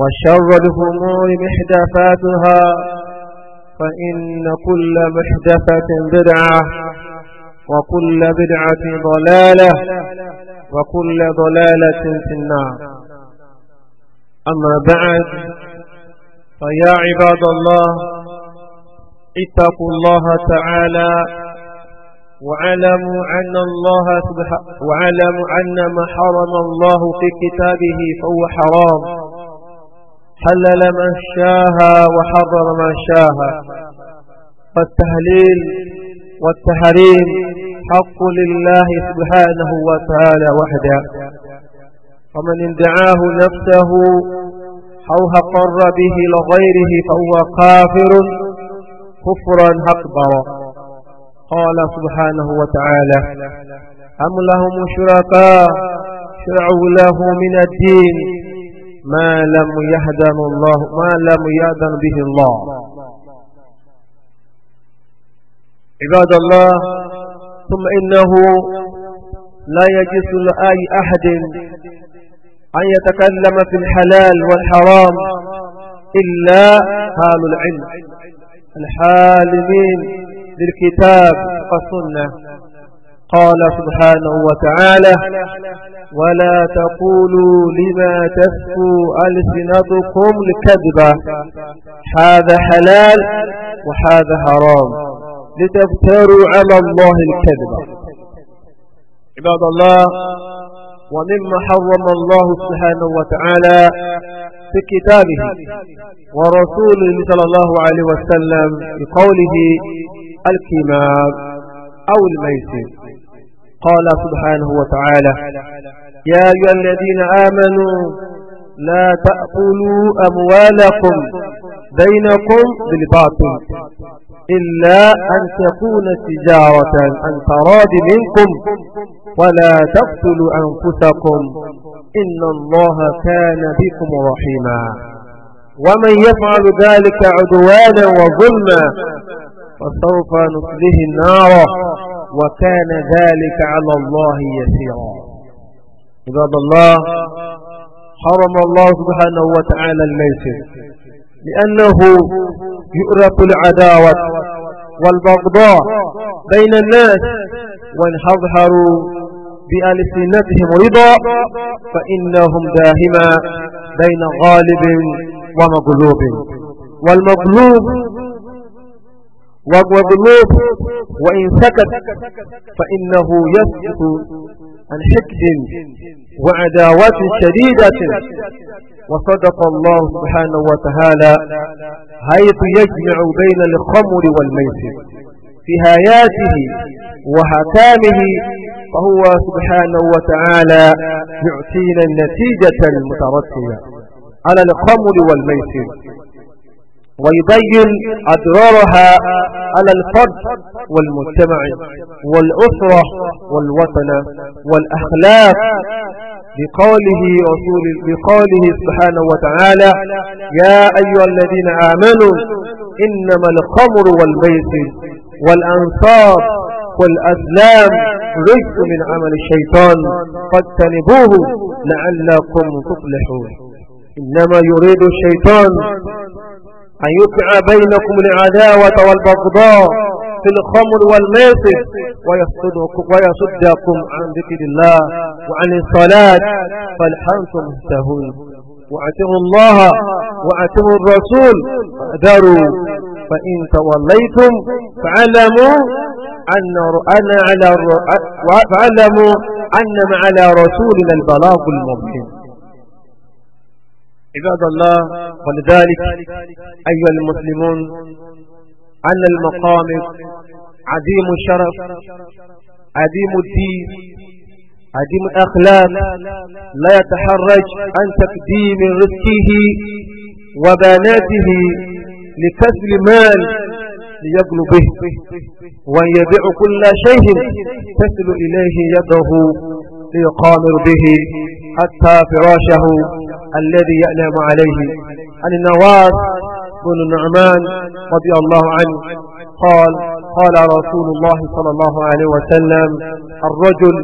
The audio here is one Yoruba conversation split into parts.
وشر الأمور محدثاتها فإن كل محدثة بدعة وكل بدعة ضلالة وكل ضلالة في النار أما بعد فيا عباد الله اتقوا الله تعالى واعلموا أن الله سبحانه وعلموا أن ما حرم الله في كتابه فهو حرام حلل ما شاها وحرم ما شاها فالتهليل والتحريم حق لله سبحانه وتعالى وحده ومن ادعاه نفسه أو أقر به لغيره فهو كافر كفرا أكبر قال سبحانه وتعالى أم لهم شركاء شرعوا له من الدين ما لم يهدن الله ما لم يهدن به الله عباد الله ثم إنه لا يجوز لأي أحد أن يتكلم في الحلال والحرام إلا حال العلم الحالمين بالكتاب والسنة قال سبحانه وتعالى ولا تقولوا لما تفكوا ألسنتكم الكذبة هذا حلال وهذا حرام لتفتروا على الله الكذبة عباد الله ومما حرم الله سبحانه وتعالى في كتابه ورسوله صلى الله عليه وسلم بقوله الكمام أو الميسر قال سبحانه وتعالى يا أيها الذين آمنوا لا تأكلوا أموالكم بينكم بالباطل إلا أن تكون تجارة عن تراد منكم ولا تقتلوا أنفسكم إن الله كان بكم رحيما ومن يفعل ذلك عدوانا وظلما فسوف نصله النار وكان ذلك على الله يسيرا عباد الله حرم الله سبحانه وتعالى الميسر لأنه يؤرق العداوة والبغضاء بين الناس وإن حظهروا بألسنتهم رضا فإنهم داهما بين غالب ومغلوب والمغلوب وغلوب وإن سكت فإنه يسكت عن حقد وعداوات شديدة وصدق الله سبحانه وتعالى حيث يجمع بين الخمر والميسر في هياته وحكامه فهو سبحانه وتعالى يعطينا النتيجة المترتبة على الخمر والميسر ويبين أضرارها على الفرد والمجتمع والأسرة والوطن والأخلاق بقوله رسول بقوله سبحانه وتعالى يا أيها الذين آمنوا إنما الخمر والبيت والأنصاب والأسلام رجس من عمل الشيطان فاتنبوه لعلكم تفلحون إنما يريد الشيطان أن يقع بينكم العداوة والبغضاء في الخمر والميسر ويصدكم ويصدكم عن ذكر الله وعن الصلاة فالحنتم مهتهون واعتروا الله واعتروا الرسول فأدروا فإن توليتم فعلموا أن أنا على فعلموا أن على رسولنا البلاغ المبين عباد الله ولذلك أيها المسلمون أن المقام عظيم الشرف عظيم الدين عظيم الأخلاق لا يتحرج عن تقديم رزقه وبناته لكسب مال ليبل به وأن يبيع كل شيء تسل إليه يده ليقامر به حتى فراشه الذي يألم عليه عن النواس بن نعمان رضي الله عنه قال قال رسول الله صلى الله عليه وسلم الرجل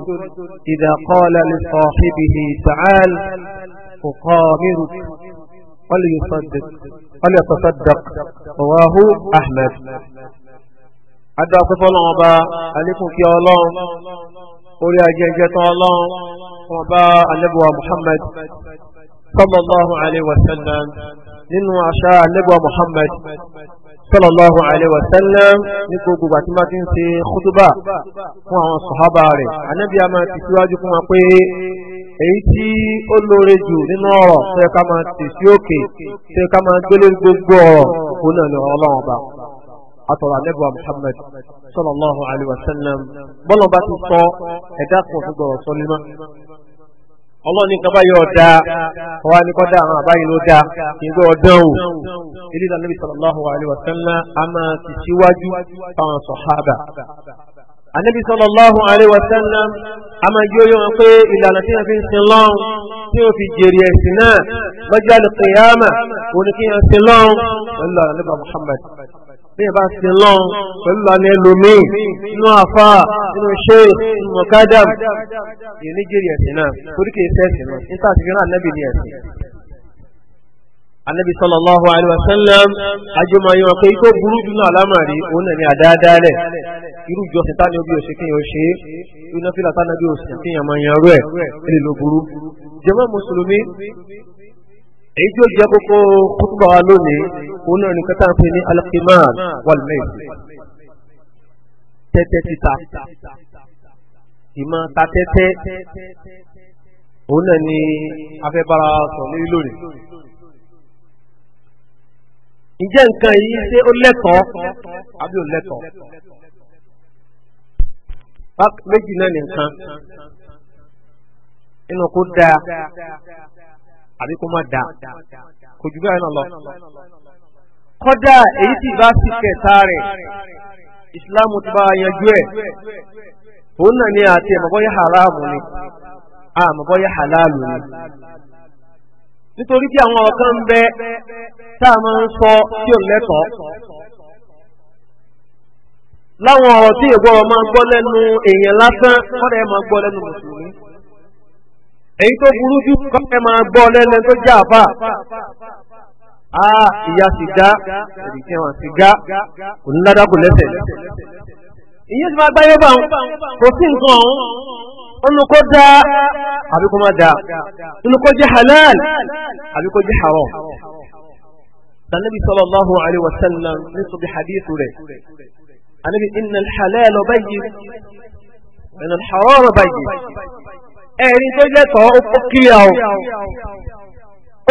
إذا قال لصاحبه تعال أقامرك فليصدق فليتصدق رواه أحمد أدى فضل أبا عليكم يا الله قل يا الله وبا النبوة محمد صلى الله عليه وسلم. nínú àṣà ànábì muhammad sallallahu alayhi wa sallam ní gbogbo ìgbà tí wọ́n ti ń ṣe kútúbà fún àwọn sọ̀hábà rẹ̀ ànábì a máa ti síwájú fún wa pé èyí tí ó lóore jù nínú ọ̀rọ̀ tó yẹ ká máa tì sí òkè tó yẹ ká máa gbé gbogbo ọ̀rọ̀ òun náà ni ọlọ́run ọba àtọ̀rọ̀ ànábì wa sallallahu alayhi wa sallam bọ́lọ̀ bá ti sọ ẹ̀dá kan tó gbọ̀rọ̀ sọ ọlọ́ni kan bá yọ ọ̀dá ọwá ní kọ́dá àwọn àbáyé ló dá ìgbẹ́ ọ̀dán wò ilé ìlànà Nabi sallallahu alaihi wasallam a máa ti síwájú àwọn sọ̀hábà Ànábì sallallahu alaihi wasallam a máa yóò yọ wọn pé ìlànà tí wọ́n fi ń sin lọ́n tí ó fi jèrè ẹ̀sìn náà lọ́jọ́ àlùkìyàmà òní kí wọ́n sin lọ́n pẹ̀lú àlùbà Muhammad bẹ́ẹ̀ bá sin lọ́n pẹ̀lú lọ́nà ẹlòmíì nínú àfá nínú ṣe nínú kádàm yìí nígírí ẹ̀sìn náà toríkè iṣẹ́ ẹ̀sìn náà níta ti fẹ́ràn anábì ní ẹ̀sìn. anábì sallallahu alaihi wasallam àjọmọ̀ yìí wọn pé ikó burú jù náà lámàrí òun náà ní àdáadáalẹ̀ irú ìjọsìn tá ní obi òṣè kí ṣe é irú fílà tá bí òṣè kí mọ yẹn rú ẹ̀ èyí tí ó jẹ́ kókó kútùbà wa lónìí òun náà nìkan tá à ń pè ní alqimar walmais tẹ́tẹ́ títa ìmọ̀ ta tẹ́tẹ́ òun náà ni afẹ́bára sọ lórí lónìí. ǹjẹ́ nǹkan yìí ṣé ó lẹ́tọ̀ọ́ àbí ó lẹ́tọ̀ọ́ méjì náà nìkan inú kó dáa àbí kó má da kò jù bẹ́ẹ̀ náà lọ. kọ́dà èyí bá sì kẹta rẹ̀ ti bá yanjú ẹ̀ òun náà ni àti ẹ̀mọ̀bọ́yá haramu ni àmọ̀bọ́yá halalu ni. nítorí tí àwọn ọ̀kan ń bẹ tá a máa ń sọ tí ò lẹ́tọ̀ọ́ láwọn ọ̀rọ̀ tí ìgbọ́rọ̀ máa ń gbọ́ lẹ́nu èèyàn lásán kọ́dà ẹ̀ máa gbọ́ lẹ́nu mùsùlùmí. èyí tó burú jù kọ́kẹ́ máa gbọ́ lẹ́lẹ́ tó jẹ́ àfà a ìyá sìgá ẹ̀dìkẹ́wọ̀n sìgá kò ní ládàkù lẹ́sẹ̀ ìyẹn ti máa gbáyé bá wọn kò sí nǹkan ọ̀hún ọ̀nà kó dá àbí kó má dá ọ̀nà kó jẹ́ halal àbí kó jẹ́ haram sanabi sallallahu alaihi wa sallam nítorí hadithu rẹ̀ anabi inna halal bayyin wa inna al-haram bayyin. ẹ̀rí tó jẹ́ ó kíyà o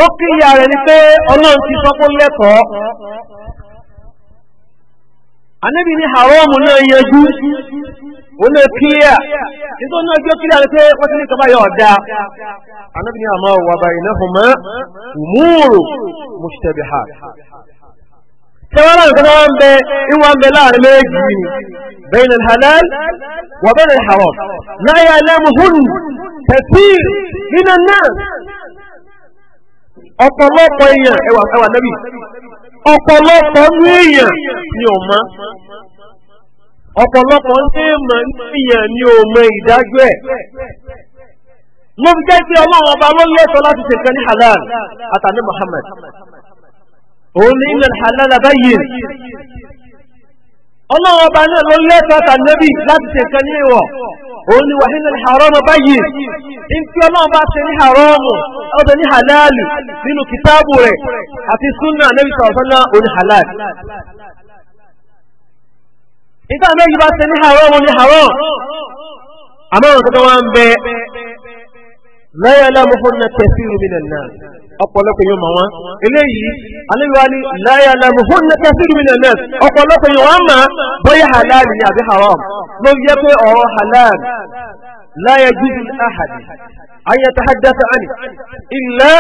ó kíyà rẹ̀ ni pé ọlọ́run ti sọ pé lẹ́tọ̀ọ́ àníbi ní haramu náà yẹjú ó lè kíyà nítorí náà bí kíyà rẹ̀ pé wọ́n ti ní kọba yọ ọ̀dá àníbi ní àmọ́ wà báyìí tẹ́wọ́n láti kọ́ta wọ́n bẹ ìwọ̀n bẹ láàrin méjì ni bẹ́yìn alhalal wà bẹ́yìn alharam náà yà èèyàn ẹwà ẹwà èèyàn ni ò èèyàn ni ò mo fi jẹ́ ọlọ́run ọba láti ṣe ní halal Muhammad òun ní ilẹ̀ halala bayyin ọlọ́run ọba náà ló lẹ́tọ̀ọ́ tànẹ́bì láti ṣe nǹkan ní ìwọ̀ òun ni wàhín ní haramu bayyin ní tí ọlọ́run bá ṣe ní haramu ọ̀dọ̀ ní halali nínú kìtáàbù rẹ̀ àti sunna nẹ́bí sọ̀rọ̀sọ́nà òun halali nígbà méjì bá ṣe ní haramu ní haramu àmọ́ òun tó ń bẹ لا يعلمهن كثير من الناس أقولك يوم ما إلهي على الوالي لا يعلمهن كثير من الناس أقولك يوم ما بيا حلال يا بيا حرام لو يبيع أو حلال لا يجوز أحد أن يتحدث عنه إلا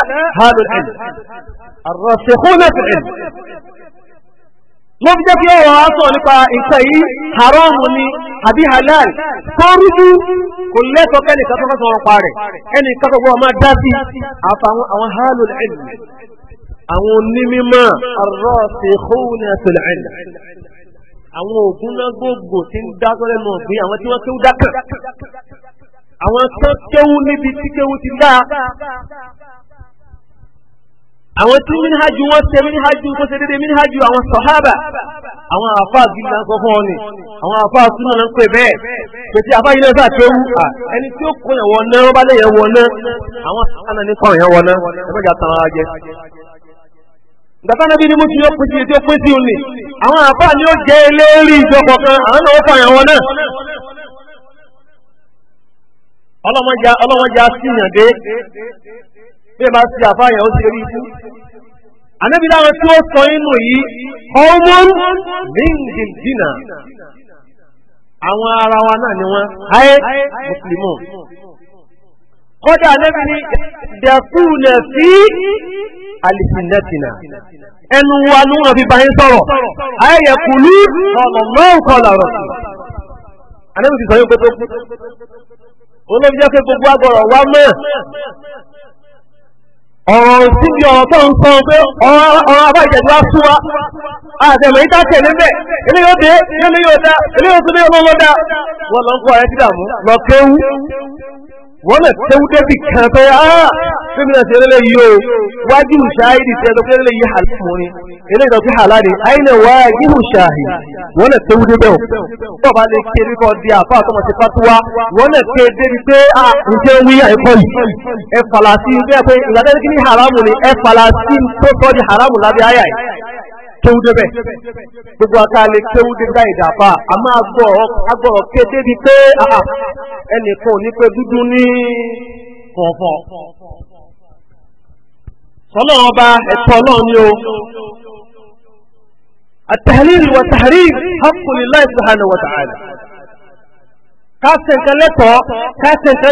هذا العلم الراسخون في العلم ló fi jẹ́ pé ọ̀rọ̀ aṣọ nípa nǹkan yìí haramu ni àbí halal kọ́rùdú kò lẹ́tọ̀ọ́ kẹ́ni kan tó fẹ́ sọ̀rọ̀ pa rẹ̀ ẹni kan tó gbọ́dọ̀ máa dá sí àfàwọn àwọn hálù ẹ̀lù àwọn onímọ̀ ọ̀rọ̀ ṣe kóhùn ẹ̀sùn ẹ̀lù àwọn ògùn náà gbogbo ti ń dá sọ́lẹ̀ náà bí àwọn tí wọ́n kéwú dákàn àwọn tó kéwú níbi tí kéwú ti dá àwọn tí mínhájú wọn ṣe mínhájú kó ṣe dédé mínhájú àwọn sọ̀hábà àwọn àfa gidi là ń sọ fún ọ ni àwọn àfa súnmọ́ là ń pè pèsè àfa yìí lẹ́sà tó wù à ẹni tí ó kó yẹn àwọn ní yẹn ẹgbẹ́ ara jẹ. ni mo ti yọ pèsè tí ó pín sí òní àwọn àfa ni ó jẹ kan bí ẹ bá ṣe àfáàyàn ó ti rí ikú. ànábi tí ó sọ inú yìí ọmọn níngìndínà àwọn ara wa náà ni wọn ayé mùsùlùmù. kódà ànábi ní dẹkùnà sí alìsìnẹ́tìnà ẹnu wa ló alu fi báyìí sọ̀rọ̀ ayé yẹ kùlú ọ̀nà náà kọlà rọ̀ sí. ti sọ yóò pé tó kú olóbi jẹ́ pé gbogbo agbọ̀rọ̀ wa mọ̀ ọ̀rọ̀ síbi ọ̀rọ̀ tó ń sọ pé ọ̀rọ̀ abájẹ̀dú á súnwá àtẹ̀mọ̀ yíká tẹ̀lé mẹ́ ilé yóò dé ilé yóò dá ilé yóò tún ọmọ dá lọ ń kọ́ ẹ̀ lọ kéwú wọ́n lè tẹ́wú débì kan pé á bíbí náà ṣe lélẹ̀ yìí o wájú ṣáàìdì tẹ́ tó fẹ́lẹ̀ yìí hàlámù ni eléyìí tó fi hàláàdì àìlẹ̀ wájú ṣáàì wọ́n lè tẹ́wú débẹ̀ o tó bá lè ké nípa ọdí àpá àtọmọ̀ ṣe fatuwa wọ́n lè ké débi pé à ah, ń wí àìkọ́ yìí ẹ falasi bẹ́ẹ̀ pé ìgbàdẹ́ni kí ni hàlámù ni ẹ falasi tó sọ di hàlámù lábẹ́ àyà yìí kéwú débẹ̀ gbogbo akáàlẹ̀ kéwú débẹ̀ ẹnìkan ò ní pé dúdú ní ọba ẹ̀tọ́ ọlọ́run ni o التهليل والتحريم حق لله سبحانه وتعالى kásẹ̀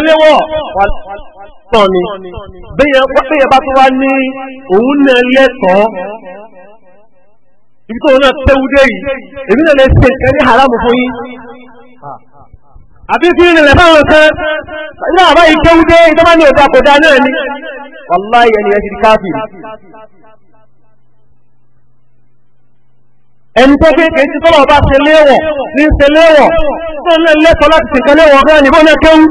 léwọ̀ ni bá tó wá ní òun náà lẹ́tọ̀ọ́ ibi tó wọn náà tẹ́wú dé yìí èmi náà lè ṣe nǹkan ní haramu fún àbí fi rìnlẹ̀ fáwọn kan ní àbá ìkéwúdé ìjọba ní òdà kò dáa náà ni wàláì ẹni ẹ ti di káfíìn ẹni tó kéèké tí tọ́lọ̀ bá ṣe léwọ̀ ní ṣe léwọ̀ tó ń lẹ́kọ̀ọ́ láti ṣe léwọ̀ bẹ́ẹ̀ ni bọ́ọ̀nà kéwú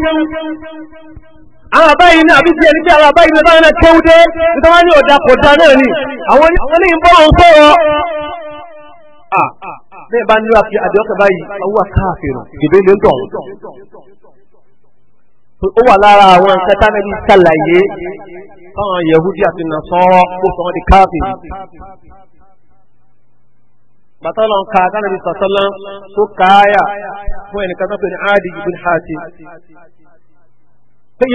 àwọn àbáyìí ní àbí tiẹ̀ ní pé àwọn àbáyìí ní báyìí náà kéwú dé ìjọba ní òdà kò dáa náà ni àwọn oníyìnbó ọ̀hún sọ̀rọ̀ bẹ́ẹ̀ bá nílò àti àdéhùn báyìí owó àkáàfin gèdè ló ń dọ̀ ó wà lára àwọn nǹkan tá nàbí ṣàlàyé táwọn yahudi àti nasọrọ tó sọ wọn di káàfin bàtàlọ̀ ń ka tánàbí sọ̀tọ́lá tó káyà fún ẹnìkan tó ní áàdì ibn Hatim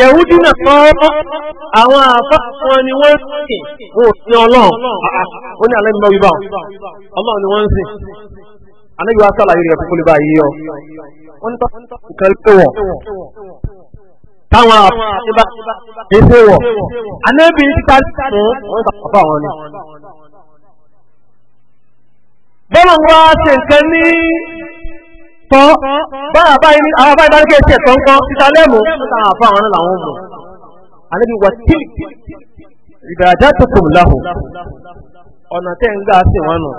yẹ̀wúdí náà kọ́ àwọn àfáàfọ́ ni wọ́n ń sìn wọn ò sí ọlọ́run ó ní alẹ́ nínú wíwá ọlọ́run ni wọ́n ń sìn anáyọ asàlàyé rẹ fúnfún nípa yíyọ wọn tọ nǹkan lé wọ táwọn àfúnibá ètò wọ anábì ń ta fún wọn bá bá wọn ni. bọ́lá ń wá ṣe nǹkan ní tọ́ báyà báyìí ní àwọn báyìí bá ní kí ẹsẹ̀ tọ́ ń kọ́ títa lẹ́mù táwọn àfọ àwọn náà làwọn mọ̀ anábì wà tí ìdàràjà tó kùn láhùn ọ̀nà tẹ́ ń gbà sí wọn nù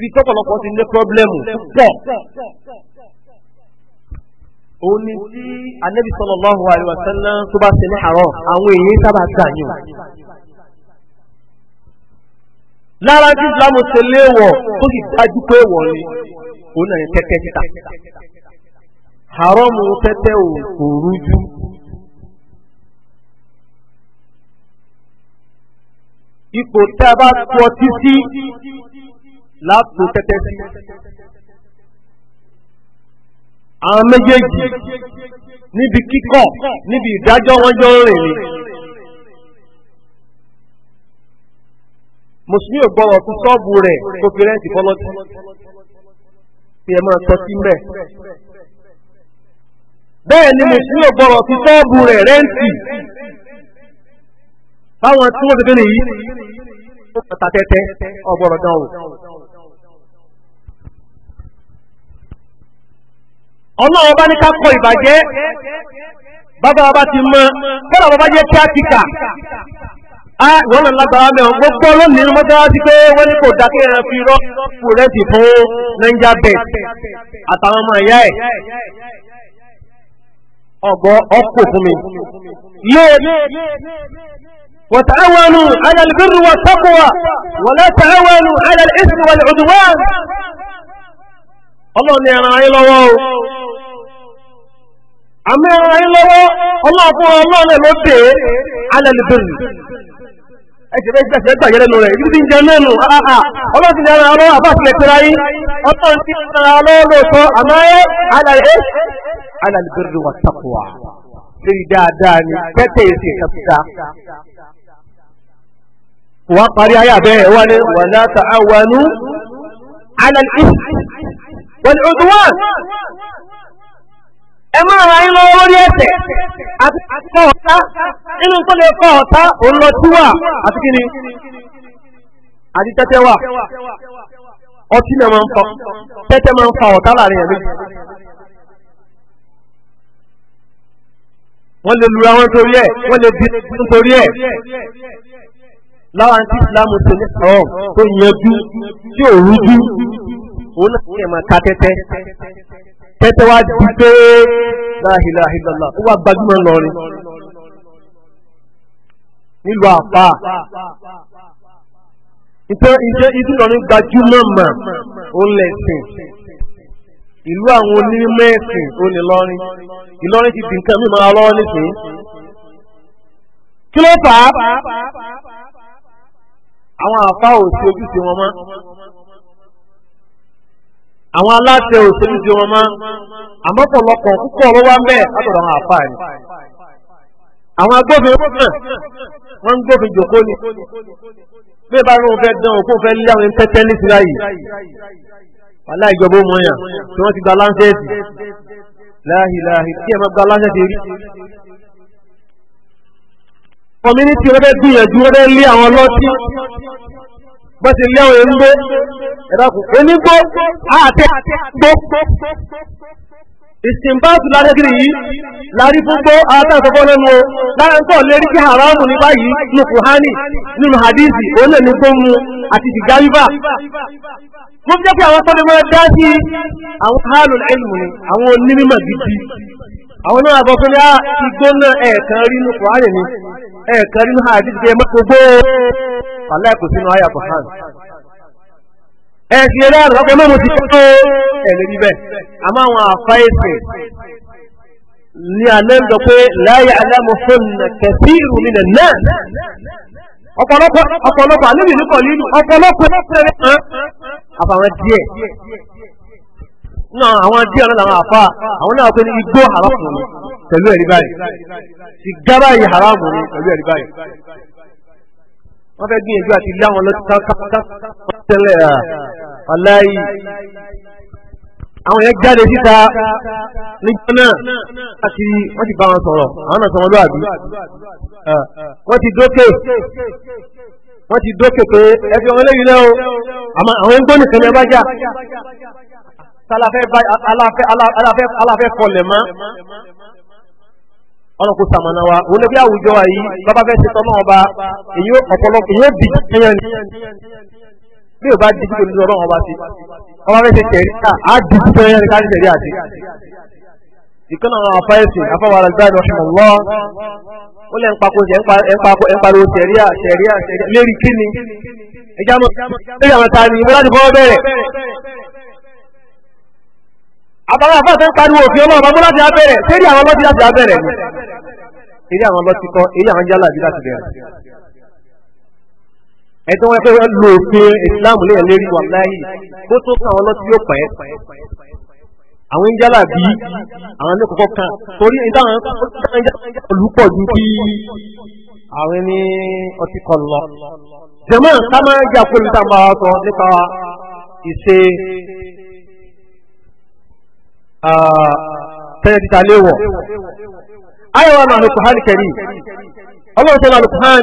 ibi tọ́pọ̀lọpọ̀ ti ní pọ́blẹ́mù pọ̀ òun ni tí anabi sallallahu alaihi wasallam tó bá ṣe ní àárọ̀ àwọn èèyàn sábà gbà yín o. lára tí islamu ṣe léèwọ̀ tó sì dájú pé wọ̀ ni òun náà ní tẹ́tẹ́ títà haramu tẹ́tẹ́ ò kò rújú. ipò tí a bá tọ́ títí láàpò tẹ́tẹ́ sí. àwọn méjèèjì níbi kíkọ̀ níbi ìdájọ́ wọ́n jọ rìn ni. mùsùlùmí ò gbọ́dọ̀ fún ṣọ́ọ̀bù rẹ̀ kó fi rẹ́ǹtì fọlọ́tì pé ẹ máa tọ́tí mbẹ́. bẹ́ẹ̀ ni mùsùlùmí ò fún rẹ̀ rẹ́ǹtì báwọn tí wọ́n ti fi ọlọ́run bá ní ká kọ ìbàjẹ́ bàbá bá ti mọ kọ́nà bàbá jẹ́ kíákíkà a wọ́n lọ lágbára mẹ́wọ̀n gbogbo lónìí ní mọ́sálásí pé wọ́n ní kò dákẹ́ ẹran fi rọ́ kù fún Niger bet àtàwọn ọmọ ìyá ẹ̀ ọ̀gbọ́ ọ̀pọ̀ fún mi. وتعاونوا على البر والتقوى ولا تعاونوا على والعدوان الله àmì ọ̀rọ̀ yín lọ́wọ́ ọlọ́ọ̀fún ọlọ́ọ̀lẹ̀ ló dé alẹ́lẹ́bẹ̀rẹ̀ ẹ̀ṣẹ̀ bẹ́ẹ̀ gbẹ̀ṣẹ̀ gbà yẹlẹ́nu rẹ̀ ibi tí ń jẹ mẹ́nu àhà ah, ah, ah. ọlọ́sìn dára ọlọ́ àbáṣẹlẹ̀ pẹ́ra yín ọlọ́run ti dára ọlọ́ọ̀lọ́sọ àmọ́ alẹ́ alẹ́lẹ́bẹ̀rẹ̀ wà tàkùwà lórí dáadáa ni tẹ́tẹ̀ èsì kàfíkà wọ́n parí ayé àbẹ́ ẹ̀ wá ní wọ́n ẹ máa ra yín lọ́wọ́ lórí ẹ̀sẹ̀ àti kọ ọ̀tá nínú tó lè kọ ọ̀tá òun lọ tí wà àti kí ni àti tẹ́tẹ́ wà ọtí náà máa ń fa tẹ́tẹ́ máa ń fa ọ̀tá láàrin ẹ̀mí. wọ́n lè lura wọn torí ẹ̀ wọ́n lè bí wọn torí ẹ̀ láwọn àti ìsìlámù tó ní sọ̀rọ̀ tó yanjú tí ò rújú òun náà kí ẹ̀ máa ká tẹ́tẹ́. tẹ́tẹ́ wá di pé láhìláhìlọ́lá ó wá gbajúmọ̀ lọ́rin nílùú àpá ìtẹ́ ìjẹ́ ìdúnlọ́rin gbajúmọ̀ mà ó lẹ̀sìn ìlú àwọn onímẹ̀sìn ó ní lọ́rin ìlọrin ti di nǹkan mímọ́ lọ́wọ́ nísìnyí kí ló fà á àwọn àpá ò sí ojúṣe wọn mọ́. àwọn aláṣẹ òṣèlú ti wọn máa àmọ́ pọ̀lọpọ̀ púpọ̀ ló wá ń bẹ́ẹ̀ látọ̀dọ̀ àwọn àfáà ni. àwọn agbófin náà wọ́n ń gbófin jòkó ni bí ẹ bá ní wọn fẹ́ dán òkú fẹ́ lé àwọn tẹ́tẹ́ ní síra yìí wàhálà ìjọba ó mọyàn tí wọ́n ti gba láńsẹ́ẹ̀sì láhìláhì tí ẹ máa gba láńsẹ́ẹ̀sì rí. community rẹ bẹ gbìyànjú rẹ lé àwọn ọlọ́tí bọ́ ti ya ẹ̀ ń gbé ẹ̀dàkùn onígbó àti gbó ìsìnbáàtù ládẹ́gìrì yìí lárí gbogbo alátàkọ́kọ́ lẹ́nu o na lérí kí haramu ní báyìí ní kùhání nínú hadithi òun ní gbóhun àti ìgbàyíbà mo jẹ́ pé àwọn tọ́lẹ̀ mọ́ra dá sí àwọn ni àwọn onímọ̀ gidi àwọn náà bọ́ ẹ̀ẹ̀kan rí kùhání ni aláìkò sínú àyà kọ̀hán ẹ̀sìn eré àrùn ọkọ̀ mẹ́rin ti tó ẹ̀lẹ́ níbẹ̀ àmọ́ àwọn àfa ẹ̀sìn ní alẹ́ ń sọ pé láyé aláàmú fún kẹsí ìrùmìnà náà ọ̀pọ̀lọpọ̀ ọ̀pọ̀lọpọ̀ àlébì ní kọ̀línú ọ̀pọ̀lọpọ̀ ẹ̀rẹ́ kan àfàwọn díẹ̀ náà àwọn díẹ̀ náà làwọn àfa àwọn náà pé ní igbó haramu ni pẹ̀lú ẹ̀rí báyìí sìgá báyìí haramu ni pẹ̀lú ẹ̀rí báyìí wọ́n fẹ́ gbìyànjú àti ilé àwọn lọ́tí tẹ́lẹ̀ aláì àwọn yẹn jáde síta nígbà náà àti wọ́n ti bá wọn sọ̀rọ̀ àwọn náà sọ̀rọ̀ lóàbí wọ́n ti dókè wọ́n ti dókè pé ẹ fi ọmọ eléyìí lẹ́wọ́ àwọn ń gbóni kẹ́lẹ́ bá jà aláfẹ́ kọlẹ̀ mọ́ ọ̀nà kò sàmọ̀nà wa òun lókè àwùjọ wa yìí bàbá fẹ́ ṣetán náà ọba èyí ọ̀pọ̀lọpọ̀ èyí ó di ẹyàn ni bí o bá di dídò nínú ọlọ́run ọba ti ọba fẹ́ ṣe tẹ̀rí ká á di dídò ẹyàn ni ká ní tẹ̀rí àti. ìkànnà àwọn afáyẹsì afáwàrà gbáàdì ọ̀ṣunmọ̀lọ́ ó lẹ́ ń pako ṣe ń pariwo tẹ̀ríà tẹ̀ríà lérí kíni ẹ̀já mọ̀ ẹ̀já mọ̀ ta ni ìbúra ti fọwọ́ bẹ̀rẹ̀ àtàwọn àfáà tó ń pariwo òfin ọlọ́run bàbá láti abẹ́rẹ̀ sérí àwọn ọlọ́tí láti abẹ́rẹ̀ ni eré àwọn ọlọ́tí kọ́ eré àwọn jálà bí láti bẹ̀rẹ̀ ẹ̀tọ́ wọn pé lo òfin ìsìláàmù lẹ́yìn lérí wà láyé kó tó kàn àwọn ọlọ́tí yóò pẹ́ àwọn ń jálà bí àwọn ní kọ́kọ́ kan torí ìdáhùn olùpọ̀ ju kí àwọn ní ọtí kan lọ jẹ̀mọ́ ká máa jà fún ìtàǹbà sọ nípa ìṣe Ah, tẹ́lẹ̀ títa léwọ̀. ayọ̀wá náà Al-Qur'an Karim ọlọ́run sọ́nà Al-Qur'an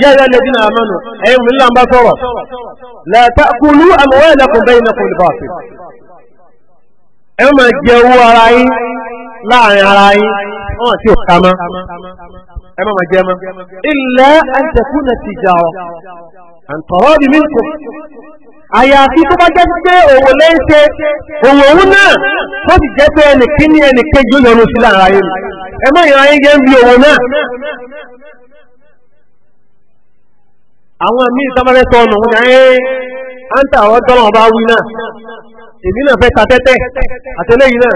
yẹ́ ẹ̀yẹ́ lẹ́dí náà mọ́nu ẹ̀yìn mi nílà ń bá sọ̀rọ̀ la ta'kulu amwalakum bainakum bil-batil. ẹ máa jẹ owó ara yín láàrin ara yín wọn àti òkà mọ́ ẹ máa jẹ mọ́. illa an takuna tijara an taradi minkum. àyàfi tó bá jẹ́ pé òwò lẹ́yìn ṣe òwò òun náà jefe sì jẹ́ pé ẹnì kíní ẹnì kejì ó yọrù sí lára ayé ẹ mọ ìran ayé ń bi òwò náà. àwọn míì sábàrẹ́ naa, ọ̀nà wọn ẹ̀ áńtà àwọn tọ́lọ̀ ọba wí náà èmi náà fẹ́ ta tẹ́tẹ́ àtẹlẹ́yìn náà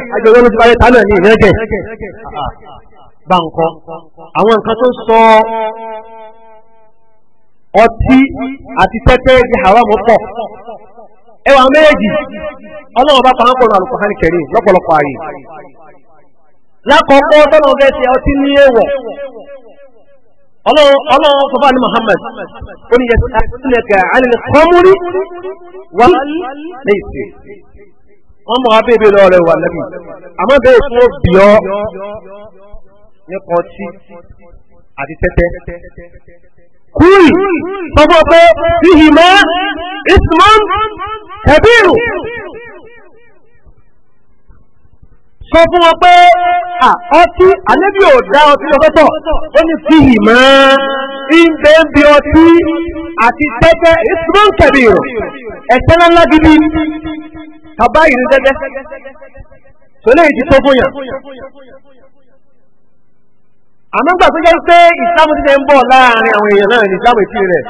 ọtí àti tẹ́tẹ́ di haram pọ̀ ẹwà méjì ọlọ́run bá pàápọ̀ ní Al-Qur'an Karim lọ́pọ̀lọpọ̀ ààyè lákọ̀ọ́kọ́ tọ́nà ọtí ní ọlọ́run sọfà ní ó ní alẹ́ kọ́múrí wọ́n mọ̀ lọ́wọ́ àmọ́ bẹ́ẹ̀ fún kúrì sọ́fọ́ pé síhì mọ́ isman kẹbíru sọ a wọn ọtí alẹ́bí ò dá ọtí lọ́pẹ́tọ̀ ó ní síhì mọ́ ìgbẹ́ ń bi ọtí àti tẹ́tẹ́ isman kẹbíru ńlá gidi fún àmọ́ gbà tó jẹ́ pé ìsìlámù ti jẹ́ ń bọ̀ láàrin àwọn èèyàn náà ní ìsìlámù ìtì rẹ̀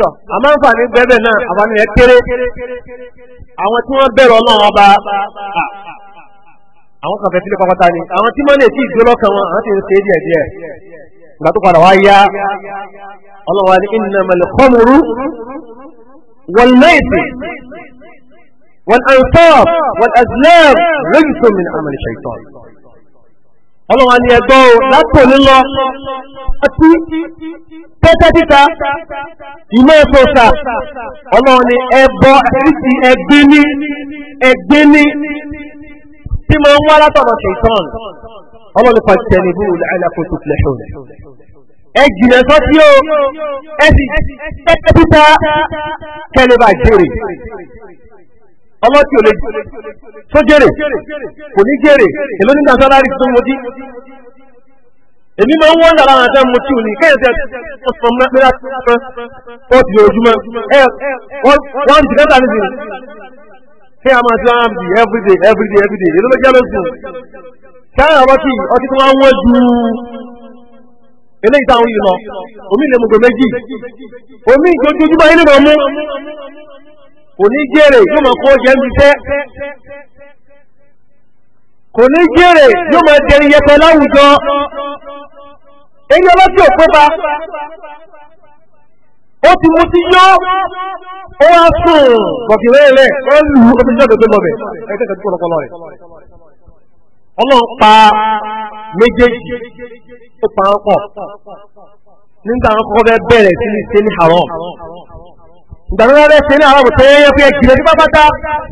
lọ àmọ́ ń fà ní bẹ́ẹ̀ náà àwọn ènìyàn kéré àwọn tí wọ́n bẹ̀rù ọlọ́run ọba àwọn kan fẹ́ sílé pápátá ni àwọn tí wọ́n lè sí ìgbé lọ́kàn wọn àwọn ti ń ṣe díẹ̀ díẹ̀ ìgbà tó padà wá yá ọlọ́run wa ní innamal khamru wal maisir wal ansab wal azlam rẹ́jùtò min amali shaitan ọlọ́wọ́n ni ẹgbọ́ o látò lílọ àti tẹ́tẹ́ títa ìmọ̀ ìfòsà ọlọ́wọ́n ni ẹbọ títí ẹgbẹ́ ní ẹgbẹ́ ní tí mo ń wá látọ̀dọ̀ ṣètọ́n ọlọ́wọ́n pa tẹ̀lé bú la'allakum tuflihun ẹ jìnà sọ́tí o ẹ sì tẹ́tẹ́ títa kẹlẹ́bà jèrè ọmọ tí o lè tó jèrè kò ní jèrè èló nígbà sálárì tó mo dí èmi máa ń wọ́n yàrá àwọn àtẹ́ mo tí o ní kéyìn tẹ ọ sọ mọ pé láti ọ ti ojúmọ́ ẹ wọn ti kẹta ní sìn kí a máa ti wọn bì everyday everyday everyday èló ló jẹ́ lóṣù káyọ̀ ọtí ọtí tí wọ́n wọ́n ju eléyìí táwọn yìí lọ omi ìlẹ̀mọ̀gbẹ̀ méjì omi ìjọjúmọ́ ayé nígbà mú kò ní jèrè yóò máa kó jẹ́ ní iṣẹ́ kò ní jèrè yóò máa jẹ iyẹpẹ láwùjọ èyí ọlọ́tí ò pé pa ó ti mú ti yọ́ ó wá sùn bọ̀kìrẹ́ rẹ̀ ó lù ú ọdún ìjọba tó lọ́bẹ̀ ẹgbẹ́ kan tó lọ́pọ̀lọ́ rẹ̀ ọlọ́run pa méjèèjì ó pa wọn pọ̀ nígbà wọn kọ́kọ́ bẹ́ẹ̀ bẹ̀rẹ̀ sí ní ṣe ní ìgbàlódé rẹ̀ ṣe ní àwọn ọ̀tẹ́ yẹn fi ẹ̀jìnlẹ̀ ní pápátá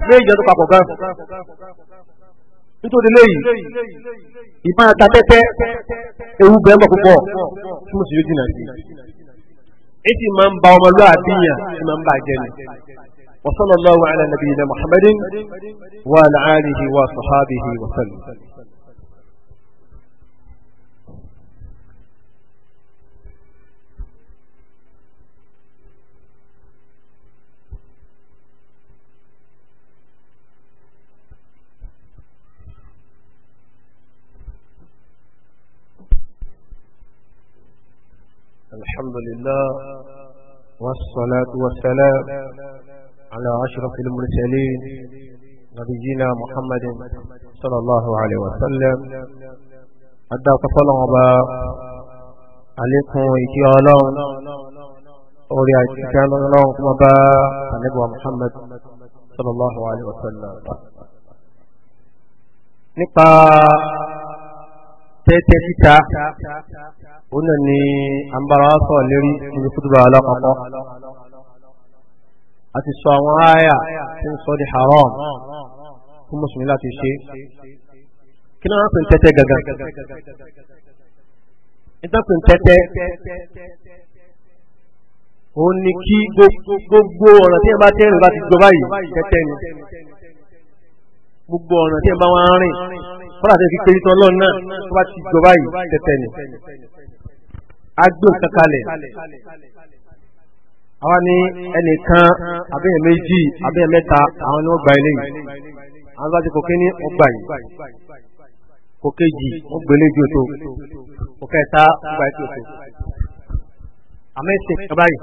méjì ọdún papọ̀ gan. nítorí léyìí ìbára ta tẹ́tẹ́ ewu bẹ́ẹ̀ mọ̀ púpọ̀ tí mo sì yóò jìnnà sí. èsì máa ń ba ọmọlúwàbí yàn tí máa ń bàjẹ́ ni. وصلى الله على wa محمد wa آله wa وسلم الحمد لله والصلاة والسلام على أشرف المرسلين نبينا محمد صلى الله عليه وسلم أدى قصلا عبا عليكم إتيا الله أولي أتكان الله وبا نبوى محمد صلى الله عليه وسلم نقا tẹ́tẹ́ títa ó náà ni a ń bára sọ lérí níbi kútùbà alákọ̀ọ́kọ́ a ti sọ àwọn ááyà tí ń sọ di haram fún mùsùlùmí láti ṣe kí náà pè ń tẹ́tẹ́ gangan nítorí pè ń tẹ́tẹ́ ó ní kí gbogbo ọ̀nà tí ẹ bá tẹ́rù bá ti jọ báyìí tẹ́tẹ́ ni gbogbo ọ̀nà tí ẹ bá wọn rìn kọ́lá tẹ́ fi pé nítorí ọlọ́run náà tó bá ti jọba yìí tẹ̀tẹ̀ ni agbó nǹkan kalẹ̀ àwa ni ẹnìkan àbẹ́yẹ méjì àbẹ́yẹ mẹ́ta àwọn ni wọ́n gba ilé yìí àwọn bá ti kò kí ní ọgbà yìí kò kéjì wọ́n gbélé ju ètò kò kẹta ọgbà ètò ètò àmẹ́sìn kaba yìí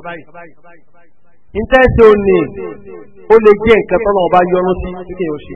níta ẹsẹ̀ òní ó lè jẹ́ nǹkan tọ́lọ́ ọba yọrùn sí kí ni ó ṣe.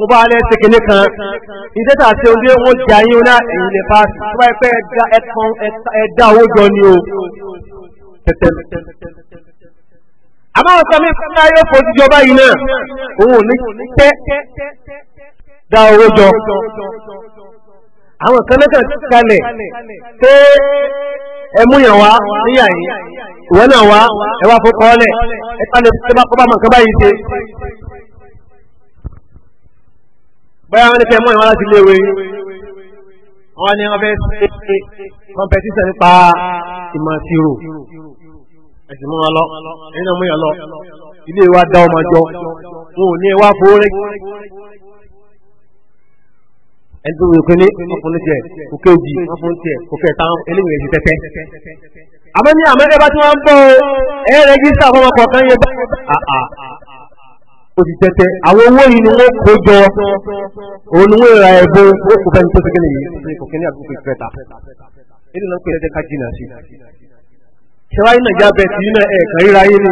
mo bá alẹ́ ṣe kìnní kan ìdẹ́ta àti oúnjẹ wọn jẹ ayé wọn náà èyí lè paasi tó bá yẹ pé ẹ̀dá owó jọ ni o tẹ̀tẹ̀. àmọ́ àwọn sọmi fúnra yóò fojú jọba yìí náà òun ò ní tẹ́ dá owó jọ. àwọn kan lẹ́kàn kalẹ̀ pé ẹmúyàn wá níyà yìí ìwọ náà wá fún kọ́ọ́lẹ̀ ẹ̀ka lè tẹ́ kọ́ bá mọ̀ nǹkan báyìí ṣe bóyá wọn ní kẹ́ mọ́ ìwọ́n láti léwe wọn ní wọn fẹ́ ṣe kọ́mpẹ́tíṣẹ̀ nípa ìmọ̀ ìṣirò ẹ̀sìn mú wọn lọ ẹ̀yìn náà mú yàn lọ ilé wa dá ọmọ jọ wọn ò ní ẹwà fowóré ẹni tó wù pé ọkùnrin tiẹ̀ òkè òbí wọn fún tiẹ̀ òkè táwọn eléwìí ẹ̀sìn àmọ́ ní àmọ́ ẹgbẹ́ bá tí wọ́n ń bọ̀ ẹ̀ rẹ́gísítà fọmọkọ̀ kan yẹ bá ah, ah ó ti tẹ́tẹ́ àwọn owó yìí ni wọ́n kó jọ òun ni wọ́n ra ẹ̀bùn ó kò fẹ́ni tó ti kéde yìí kò kéde àgùkù ìfẹ́ta nínú náà pé ẹ̀ẹ́dẹ́ka jìnnà sí i. ṣẹ́wáyé nàìjíríà bẹ̀ tí náà ẹ̀ kàn ríra yé ni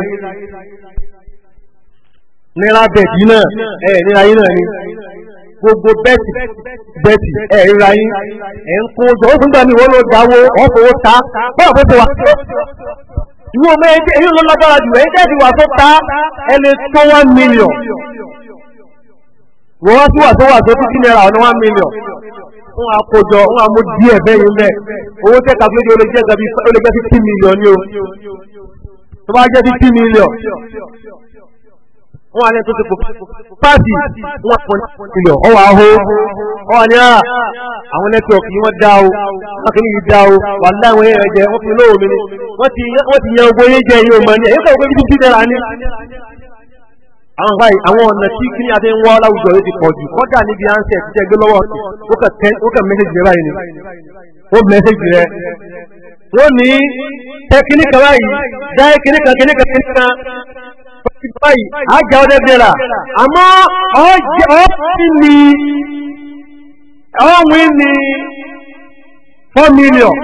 náírà bẹ̀ tí náà ẹ̀ ríra yé náà ni gbogbo bẹ́ẹ̀tì bẹ́ẹ̀tì ẹ̀ ríra yín ẹ̀ ń kó jọ ó fún gbà mí wọ́n lọ dáwó ọ̀fọwọ́ ta bọ́ọ̀ fẹ́ ìwọ mẹ́ẹ̀dẹ́ èyí ló lágbára jù ẹ̀ẹ́dẹ́ ti wà tó ta ẹni tó one million wọ́n wá sí wà tó wà tó títí náírà ọ̀nà one million fún àkójọ fún àmú díẹ̀ bẹ́yìn mẹ́ owó tẹ́ka fún ojú olè jẹ́ fifty million ni o tó bá jẹ́ fifty million wọn alẹ́ tó ti kò pàṣì wọn kàn nílò ọwọ́ ahó ọwọ́ ni àwọn wọ́n dá o wọ́n kì o wà láwọn wọ́n fi ni wọ́n ti mọ̀ ní ti dára àwọn àwọn ọ̀nà tí a ń wá láwùjọ yóò ti pọ̀ jù kọ́dà níbi ansẹ̀ ti gbé lọ́wọ́ ó mẹ́sẹ̀jì báyìí ni ó báyìí àjà ọdẹ bẹ̀rẹ̀ àmọ́ ọ́ọ̀tí ni ọ̀wìn ni four million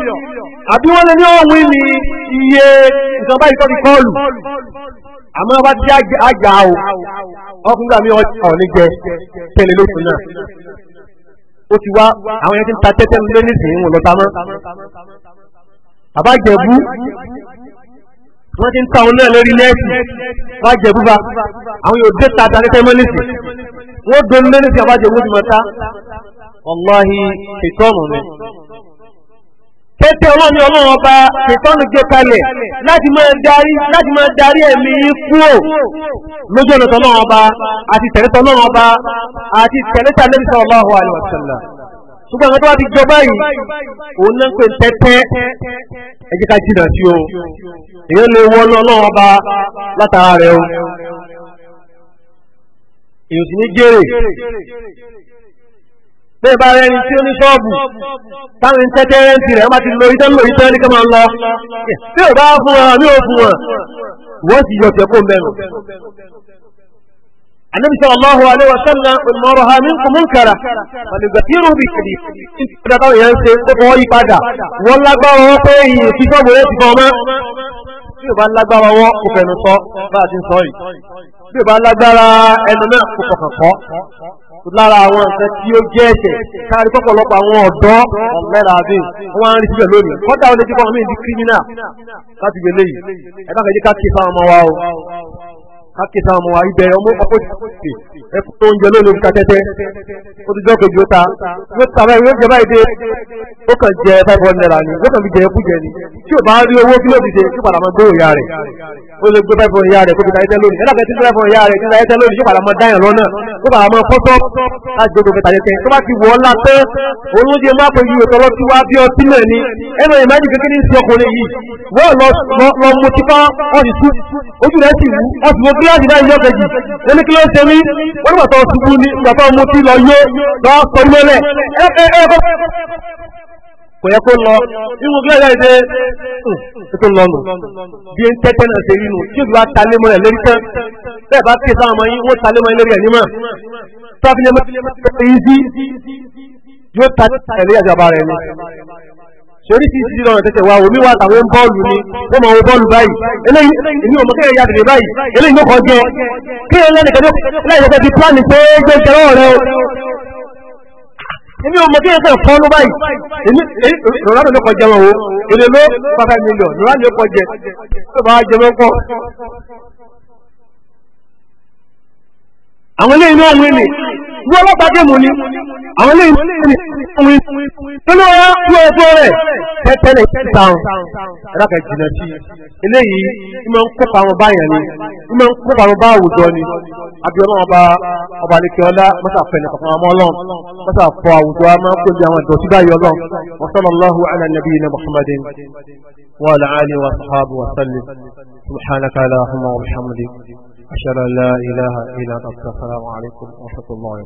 àbí wọ́n lè ní ọ̀wìn ni iye ìjọba ìtọ́jú kọ́ọ̀lù àmọ́ ọba tí àjà o ọkùnrin àmì ọ̀ní jẹ tẹ́lẹ̀ lóṣù náà ó ti wá àwọn ẹni tí ń ta tẹ́tẹ́ lé nísìnyí wọn lọ́ta mọ́ àbájẹ̀bú wọ́n ti ń ta òun náà lórí nẹ́ẹ̀sì wá jẹ búba àwọn yóò dé ta tàbí tẹ́mọ́lìsì wọ́n dún mẹ́lìsì àbájẹ owó tìmọ̀ ta ọlọ́hì ṣètọ́nù mi. kété ọlọ́ni ọlọ́run ọba ṣètọ́nù gbé kalẹ̀ láti máa darí láti máa darí ẹ̀mí kúrò lójú ọ̀nà tọ́lọ́run ọba àti tẹ̀lé tọ́lọ́run ọba àti tẹ̀lé tàbí sallallahu alaihi wasallam ṣùgbọ́n àwọn tó wá ti jọ báyìí òun náà ń pè tẹ́tẹ́ ẹ ká jìnà sí o èyí lè wọ́n náà lọ́wọ́ bá látara rẹ̀ o èyí sì ní jèrè bẹ́ẹ̀ bá rẹ́ni tí ó ní ṣọ́ọ̀bù táwọn tẹ́tẹ́ rẹ́ǹtì rẹ̀ má ti lo ìtẹ́ lò ìtẹ́ ní kẹ́mọ̀ lọ bí ò bá fún wọn àmì òfin wọn wọ́n sì yọ̀ tẹ́kọ̀ mẹ́rin النبي صلى الله عليه وسلم ما رأى منكم منكرا فليغيره بيده da táwọn èèyàn ń ṣe kó kọ́ yí padà wọ́n lágbára wọ́n pé èyí ti fọ́ bòye ti fọ́ mọ́ bí o bá lágbára wọ́n kò fẹnu sọ bá a ti ń sọ yìí bí o bá lágbára ẹnu náà kò kọ̀kan kọ́ lára àwọn nǹkan tí ó jẹ́ ẹ̀ṣẹ̀ káàrí pọ̀pọ̀lọpọ̀ àwọn ọ̀dọ́ ọ̀mẹ́ra àbí wọ́n á ń rí síbẹ̀ lónìí kọ́dà ó lè jẹ́ fún àwọn míì di kírímínà láti gbélé yìí ẹ bá kẹ́jẹ́ ká kí fáwọn ọmọ wa o akita ọmọ wa ibẹ ọmọ ọkọ ti ẹkú tó ń jẹ lónìí ká tẹtẹ ó ti jọ kejì ó ta yóò ta báyìí yóò jẹ báyìí dé ó kàn jẹ five hundred naira ni ó kàn fi jẹ ẹkú jẹ ni tí o bá rí owó bí ó ti ṣe tí padà máa gbé òyà rẹ ó lè gbé five hundred naira rẹ kó fi ta ẹtẹ lónìí ẹlẹ́gbẹ̀ẹ́ tí five hundred naira rẹ ti ta ẹtẹ lónìí tí padà máa dáyàn lọ́nà tó padà máa fọ́tọ́ láti gbogbo ìta tẹtẹ tó bá ti wọ̀ ọ́ látẹ́ olóde má pé kíláàsì náà yọ kejì ẹni kí ló ń tẹ̀lé onígbàtọ̀ ṣubú ní ìgbàtọ̀ mú tí lọ yó lọ sọ mọ́lẹ̀ kò yẹ kó lọ ìwò kíláàsì náà ṣe é tó lọ nù bí ń tẹ́tẹ́ náà ṣe rí nù tí ìgbà ta lé mọ́lẹ̀ lórí tán bẹ́ẹ̀ bá kí sáwọn ọmọ yín wọ́n ta lé mọ́lẹ̀ lórí ẹ̀ nímọ̀ tó a fi lè mọ́ yóò ta tẹ̀lé àjàbá rẹ̀ ni torí tí ìsìnkú ọ̀rọ̀ tẹ̀tẹ̀ wa omi wa àtàwọn bọ́ọ̀lù ni wọ́n máa wo bọ́ọ̀lù báyìí eléyìí èmi ò mọ kéèyàn yàtọ̀ dé báyìí eléyìí ló kọ́ jẹ kéèyàn lẹ́nìkẹ́jọ́ láìsẹ̀kẹ́ ti pílánì pé gbẹ̀gẹ̀rọ rẹ o èmi ò mọ kéèyàn sẹ̀ fọ́nú báyìí Ronaldo ló kọ́ jẹ wọn o èlé ló five million Ronaldo ló kọ́ jẹ tó bá jẹ mọ́ pọ̀ àwọn eléyìí náà wí ni bí ọlọ́pàá gẹ̀mù ni àwọn eléyìí náà wí ni nínú ọ̀rá tí ó tó rẹ̀ tẹ́tẹ́lẹ̀ ìtàwọn ẹ̀dáka jìnà sí eléyìí ní máa ń kópa àwọn báyàn ni ní máa ń kópa àwọn bá àwùjọ ni abiola ọba ọba aleke ọlá mọ́sá fẹ̀lẹ̀ kọ̀kan ọmọ ọlọ́run mọ́sá fọ àwùjọ a máa ń pèsè àwọn ìdọ̀tí báyìí ọlọ́run wa sallallahu ala nabiyyina muhammadin wa ala alihi wa sahbihi wa sallim subhanaka allahumma wa bihamdik أشهد أن لا إله إلا أنت السلام عليكم ورحمة الله وبركاته